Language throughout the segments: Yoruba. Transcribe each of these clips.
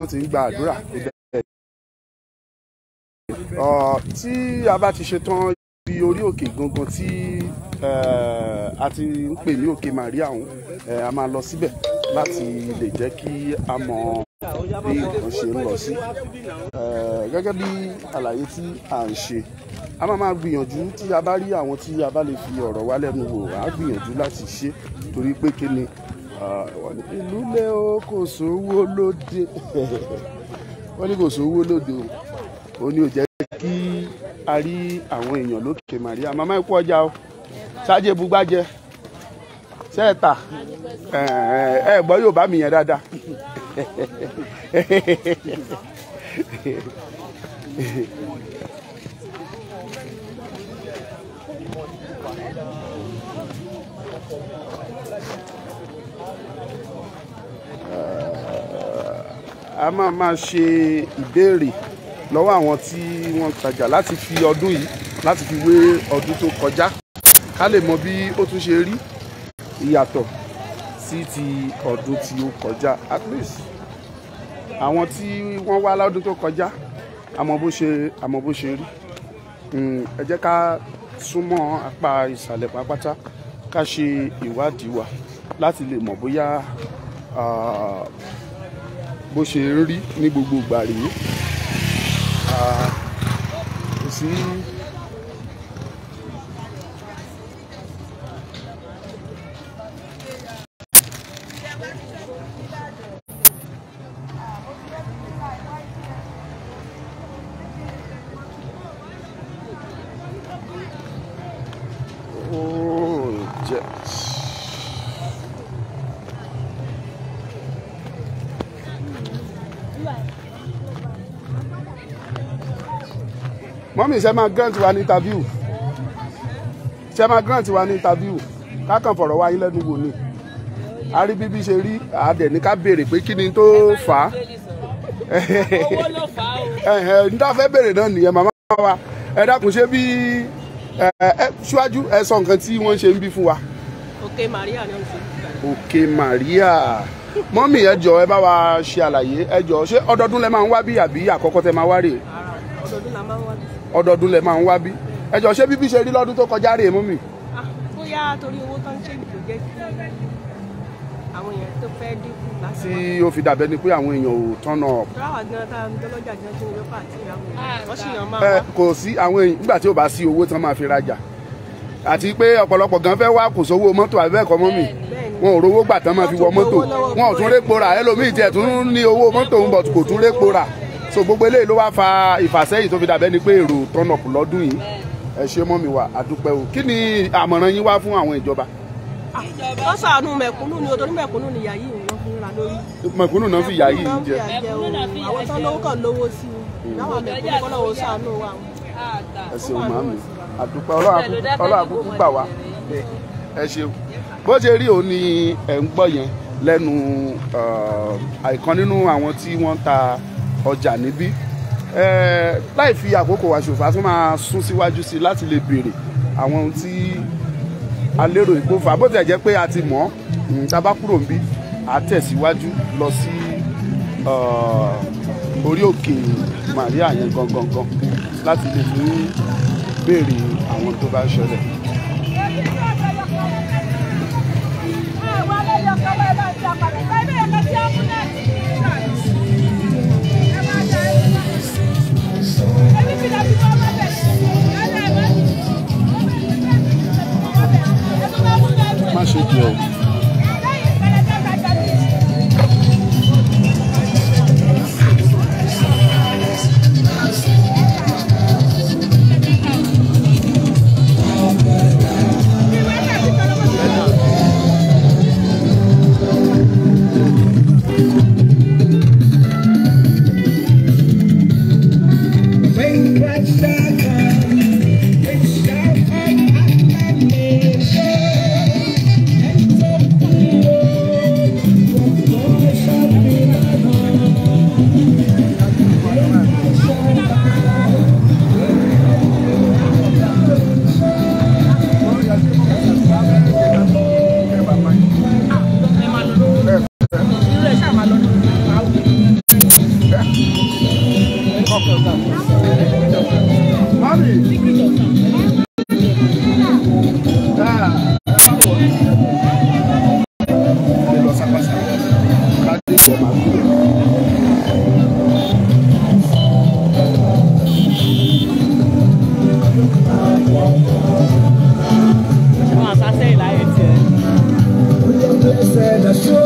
wọ́n ti ń gba àdúrà tí a bá ti ṣetán ibi orí òkè gangan tí a ti ń pè ní òkè Màríà ọ̀hún a máa lọ síbẹ̀ láti lè jẹ́ kí a mọ bí nǹkan ṣe ń lọ sí gẹ́gẹ́ bí àlàyé tí à ń ṣe a máa máa gbìyànjú tí a bá rí àwọn tí a bá lè fi ọ̀rọ̀ wá lẹ́nu wò á gbìyànjú láti ṣe torí pé kí ni ìlú lé o kò sówó lóde wọ́n ní kò sówó lóde o ní ò jẹ́ kí a rí àwọn èèyàn lókè Màríà màmá ikú ọjà o ṣáájú ebúgbájẹ ṣẹ́ẹ̀ta ẹ gbọ́ yóò bá mi yẹn dáadáa a máa máa ṣe ìbéèrè lọ́wọ́ àwọn tí wọ́n ń tajà láti fi ọdún yìí láti fi wé ọdún tó kọjá ká lè mọ bí ó tún ṣe rí ìyàtọ̀ sí ti ọdún tí ó kọjá at least àwọn tí wọ́n wá lọ́dún tó kọjá àmọ́ bó ṣe àmọ́ bó ṣe rí hmm, ẹ jẹ́ ká súnmọ́ apá ìsàlẹ̀ pápátá ká ṣe ìwádìí wa láti lè mọ̀ bóyá ah, bó ṣe ń rí ní gbogbo ìgbà mọ́mí ṣe máa grant wa ní interview ṣe máa grant wa ní interview kákan fọ̀rọ̀ wáyé lẹ́nu wò ni a rí bíbí ṣe rí àdẹ̀ ní ká béèrè pé kí ni tó fà á owó ló fà á o n ta fẹ́ béèrè náà nìyẹn màmá wa ẹ dákun ṣé bí ṣíwájú ẹ sọ nǹkan tí wọ́n ṣe ń bí fún wa. òkè Maria ni wọ́n ṣe ń bí wa. òkè Maria mọ́mì ẹ jọ ẹ bá wa ṣe àlàyé ẹ jọ ṣé ọdọọdún lẹ máa ń wá bí àbí àkọ́kọ́ tẹ máa wá rèé. ọdọọdún la máa ń wá bí ọdọọdún lẹ máa ń wá bí ẹ jọ ṣé bíbí ṣe rí lọ́dún tó kọjá rèé mú mi. Ah, bóyá torí owó tó ń ṣe kò jẹ́ kí àwọn èèyàn tó fẹ́ dínkù láti wá. tí ó fi dàbẹ́ ni pé àwọn èèyàn ò tọ́nà. ráwà gan ta dọ́lọ́jà gan tó ń yọpá àti àwọn èèyàn ah, wọ́n sì ah. yàn máa wá. kò sí àwọn èèyàn nígbà tí ò bá sí owó tán máa fi rajà àti pé ọ̀pọ̀lọpọ̀ gan fẹ́ wá kò sówó mọ́tò àbẹ́ẹ̀kọ́ mọ́mì wọn ò rówó gbà tán máa fi wọ mọ́tò wọn ò tún répo rà ẹlòmíì tiẹ̀ tún ní owó mọ́tò ń bọ̀ kò tún répo rà so gbogbo eléyìí ló wá fa ìfàsẹ́yìn tó fi dàbẹ́ ni pé èrò turn up lọ́dún yìí ẹ ṣe mọ́ mi wà àdúpẹ́ o kí ni àmọ̀ràn yín wá fún àwọn ìjọba. ó ah, ṣàánú mẹ̀kúnnù ni odò ní mẹ̀kúnnù ni yàyí ìran fún ra lórí. mẹ̀kúnnù náà fi yàyí ń jẹ. mẹ̀kúnnù kọ́ lọ́wọ́ ṣàánú wa. ẹ ṣeun màmí àdúpẹ́ ọlọ́run àbúkú gbà wá ẹ ṣeun bó ṣe rí òun ni ẹ̀ ń gbọ́ yẹn lẹ́nu àìkan nínú àwọn tí wọ́n ta ọjà níbí láì fi àkókò wa ṣòfò a tún máa sún síwájú sí i láti lè béèrè àwọn ohun tí a lérò ìkófà bó tilẹ̀ jẹ́ pé a ti mọ̀ ọ́ tá a bá kúrò níbí a tẹ̀síwájú lọ sí orí òkè Maria yẹn gangan láti lè ní béèrè àwọn tó bá ń ṣẹlẹ̀. Thank you. má ṣe corazón.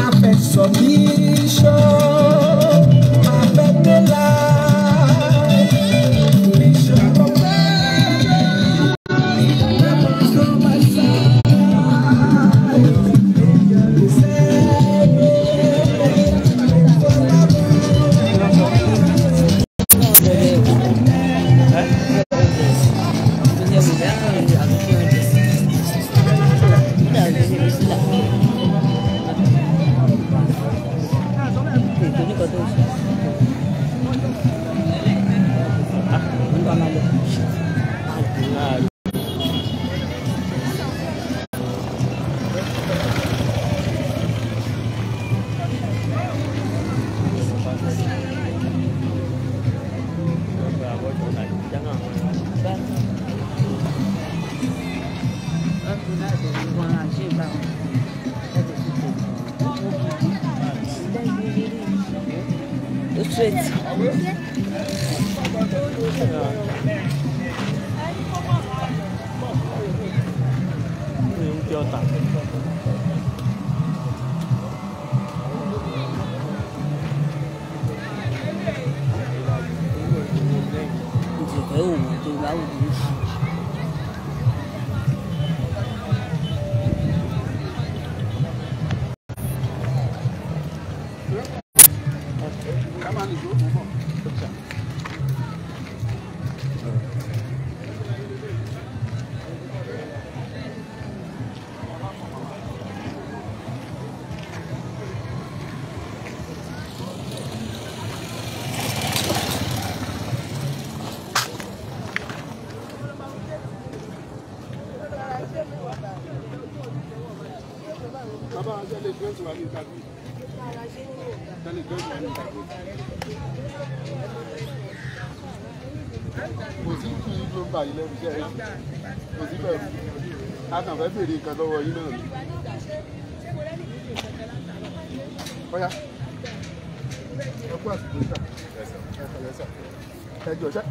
máa fẹ̀sọ̀ mí ṣọ́. 你那个东西。不用交钱。你这废物，最垃圾。gbà yín lẹ́nu iṣẹ́ yìí kò sí bẹ̀rù a kàn fẹ́ bèrè nǹkan lọ́wọ́ yín náà ni. bóyá ẹ kú àsìkò ìta ẹ kàlẹ́ sà ẹ jọ ṣe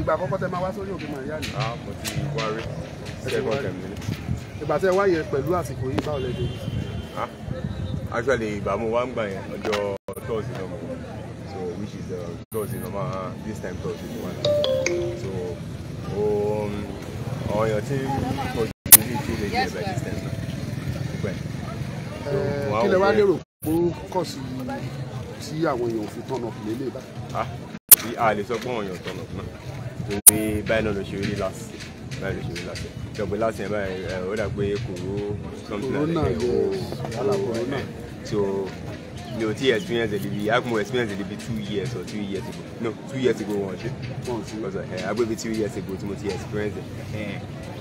ìgbà àkọ́kọ́ tẹ máa wá sórí òkè màríà ni. Ah, mo ti wá rí second time nílé. ìgbà tẹ wá yẹn pẹ̀lú àsìkò yìí báwo lẹ dé. Ah, actually ìgbà mo wá ń gbà yẹn ọjọ́ Thursday náà mo wá so which is uh, Thursday normal this time Thursday mo wá. Oh yeah, team coach you need to dey well. kí lè wá lérò pé ó kọ̀ sí tí àwọn èèyàn fi tọ̀nà fìlẹ̀ lè bá. a lè sọ pé àwọn èèyàn tọ̀nà fún un torí báyìí náà ló ṣe rí last báyìí ló ṣe rí last ìjọba last yẹn báyìí ó dà pé kòró something like that kòró kòró náà so mi ò tí experience ẹ̀ débi have more experience ẹ̀ débi two years or three years ago no two years ago wọ́n ṣe because ẹ̀ agbẹ́bí two years ago tí mo ti experience ẹ̀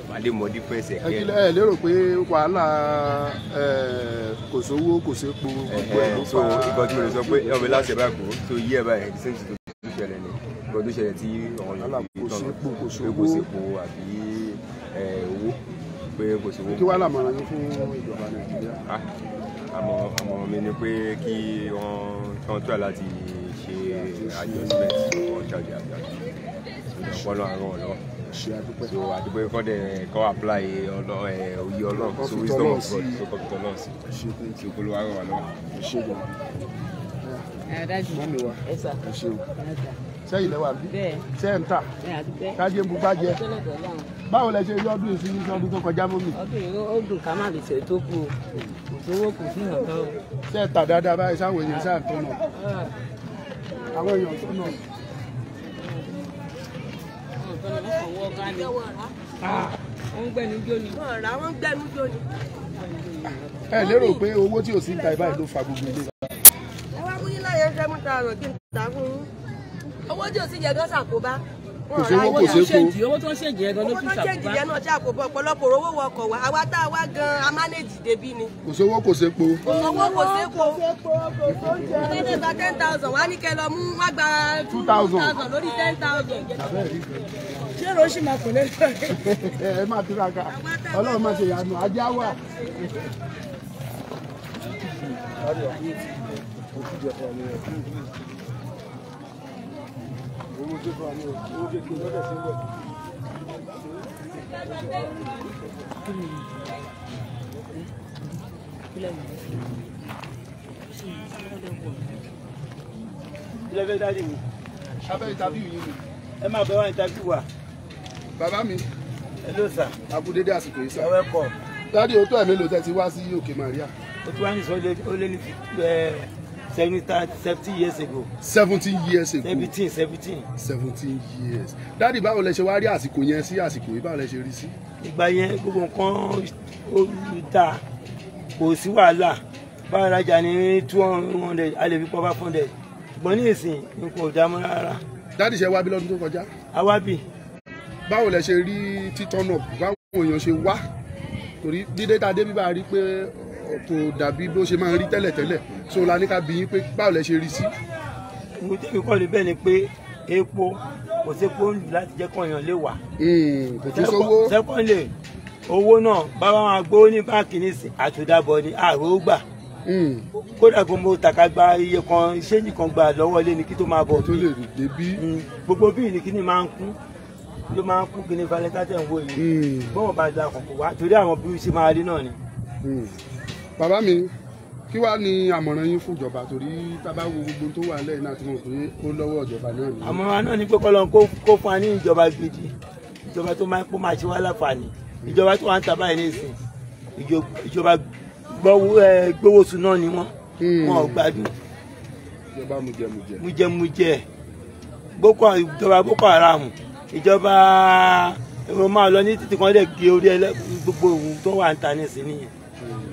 wà lè mọ difference ẹ̀ kẹ́ ẹ̀. ẹ lérò pé wàhálà kò sówó kò sépo gbogbo ẹ̀ ló fa ìkọ́ tí mo lè sọ so yí by báyìí same thing tó ṣẹlẹ̀ ni ìkọ́ tó ṣẹlẹ̀ tí ọ̀rọ̀ yìí tọ̀nà pé kò àmọ́ ọmọ mi ni pé kí wọ́n tán tó láti ṣe adjustment for charge àgbà ọpọlọ àrùn ọlọ so àdúgbò kọ́ dẹ̀ kọ́ apply ọlọ ẹ̀ òye ọlọ́run so wisdom of God so kọ́pútọ̀ náà so kó ló wá rọ̀ wá lọ́wọ́. ẹ dájú ẹ sà ẹ ṣeun se lẹ́wà bí sẹ́ńtà kájé ń bu bàjẹ́ báwo lẹ ṣe rí ọdún ìsinmi sí ọdún tó kọjá mọ́mì. ọdún yìí ó dùn ká má lè ṣe tó kù kò sówó kù sí nǹkan. sẹ́ẹ̀tà dáadáa báyìí sáwọn èèyàn sáà tó nà ah. àwọn èèyàn tó nà. Ah. wọ́n gbẹ́nu jó ni. wọ́n gbẹ́nu jó ni. ẹ lérò pé owó tí ò sí ń ta ibà ló fa gbogbo ilé. ẹ wá fún láyé ṣẹ́mú ta àrùn kí n ta fún yín owó tí o sì yẹ gan ṣàkóbá kò sówó kò séko owó tó ń ṣèjì yẹn gan ló tún ṣàkóbá owó tó ń ṣèjì yẹn náà ṣàkóbá ọ̀pọ̀lọpọ̀ owó wọ ọkọ̀ wa àwa tá a wá gan a manage débi ni. kò sówó kò sépo. kò sówó kò sépo ọ̀gẹ́dẹ̀ ten thousand wá ní kẹ́ lọ mú wá gba two thousand lórí ten thousand. ṣé èrò ṣì kò lè lọ. ẹ má tura ká ọlọ́run má ṣe ìyanu ajá wà. Thank you ilé fẹ́ dájú mi. abẹ́ ìtàbíù yìí ni. ẹ máa bẹ wá ìtàbíù wa. bàbá mi. hello sir. àkúdédé àsìkò yìí sà. ẹ wẹ́kọ̀. dáàdi o tó ẹ̀ mélòó tẹ́ ti wá sí òkè Màríà. o ti wá ní sọ ó lé ní ẹ seventy years ago. seventeen years ago. seventeen seventeen. seventeen years. dáàdi báwo lẹ ṣe wá rí àsìkò yẹn sí àsìkò yìí báwo lẹ ṣe rí sí. ìgbà yẹn gbogbo nǹkan ó dáa kò sí wàhálà báwo rajà ní two hundred a lè fi pọ́ five hundred ṣùgbọ́n ní ìsìn nǹkan ò dá mọ́ rárá. dáàdi ṣe wá bí lọ́dún tó kọjá. a wá bì. báwo lẹ ṣe rí títọ́nà báwo èèyàn ṣe wá torí dídé tá a dé bíbá rí pé kò dàbí bó ṣe máa ń rí tẹ́lẹ̀tẹ́lẹ̀ so la ní ká bi yín pé báwo lẹ ṣe rí sí. nǹkan tí mi kọ́ lè bẹ́ẹ̀ ni pé epo kò sí epo ń lù láti jẹ́ kọ́ọ̀yàn lè wà. kò tún sówó. sẹ́kọ̀ǹlè owó náà báwa máa gbówó ní báńkì ní àtúndàbọ̀ ni àrò gbà kódà kó mo tàka gba iye kan iṣẹ́ nìkan gba lọ́wọ́ ilé ni kí tó máa bọ̀ bí gbogbo bí ni kíni máa ń kú ló máa ń kú kíni falẹ́tà tẹ̀ bàbá mi kí wàá ní àmọ̀ràn yín fún ìjọba torí tábà wo gbogbo tó wà lẹ́yìn náà tí mo pè é ó lọ́wọ́ ìjọba náà ni. àmọ̀ràn náà ni pé kọ́lọ́n kó fún wa ní ìjọba gidi ìjọba tó máa kó máa ṣe wá láǹfààní ìjọba tó wà ń tàbá yìí nísìn ìjọba gbowósù náà ni wọ́n hmm. wọn ò gbádùn. ìjọba mujẹmujẹ. mujẹmujẹ boko ìjọba boko haram ìjọba èrò máa lọ ní títí kan dẹ̀ gé orí gbogbo ohun tó wà ń ta nísìn nìyẹn. Hmm.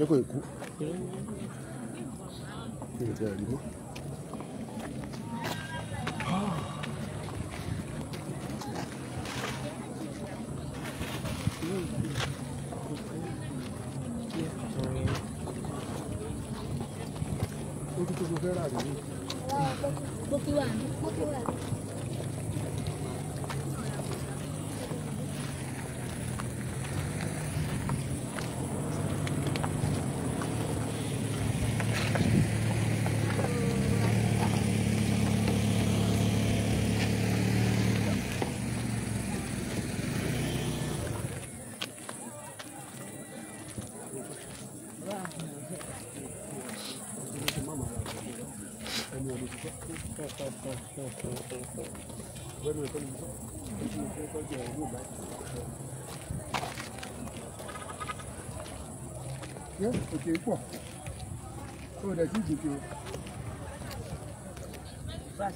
这个衣服，这个衣服，啊，这个这个这个啊，布布料，布料。yẹ òkè pọ̀ ó dẹ̀ sí ìdìbò. Bá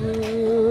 Mm.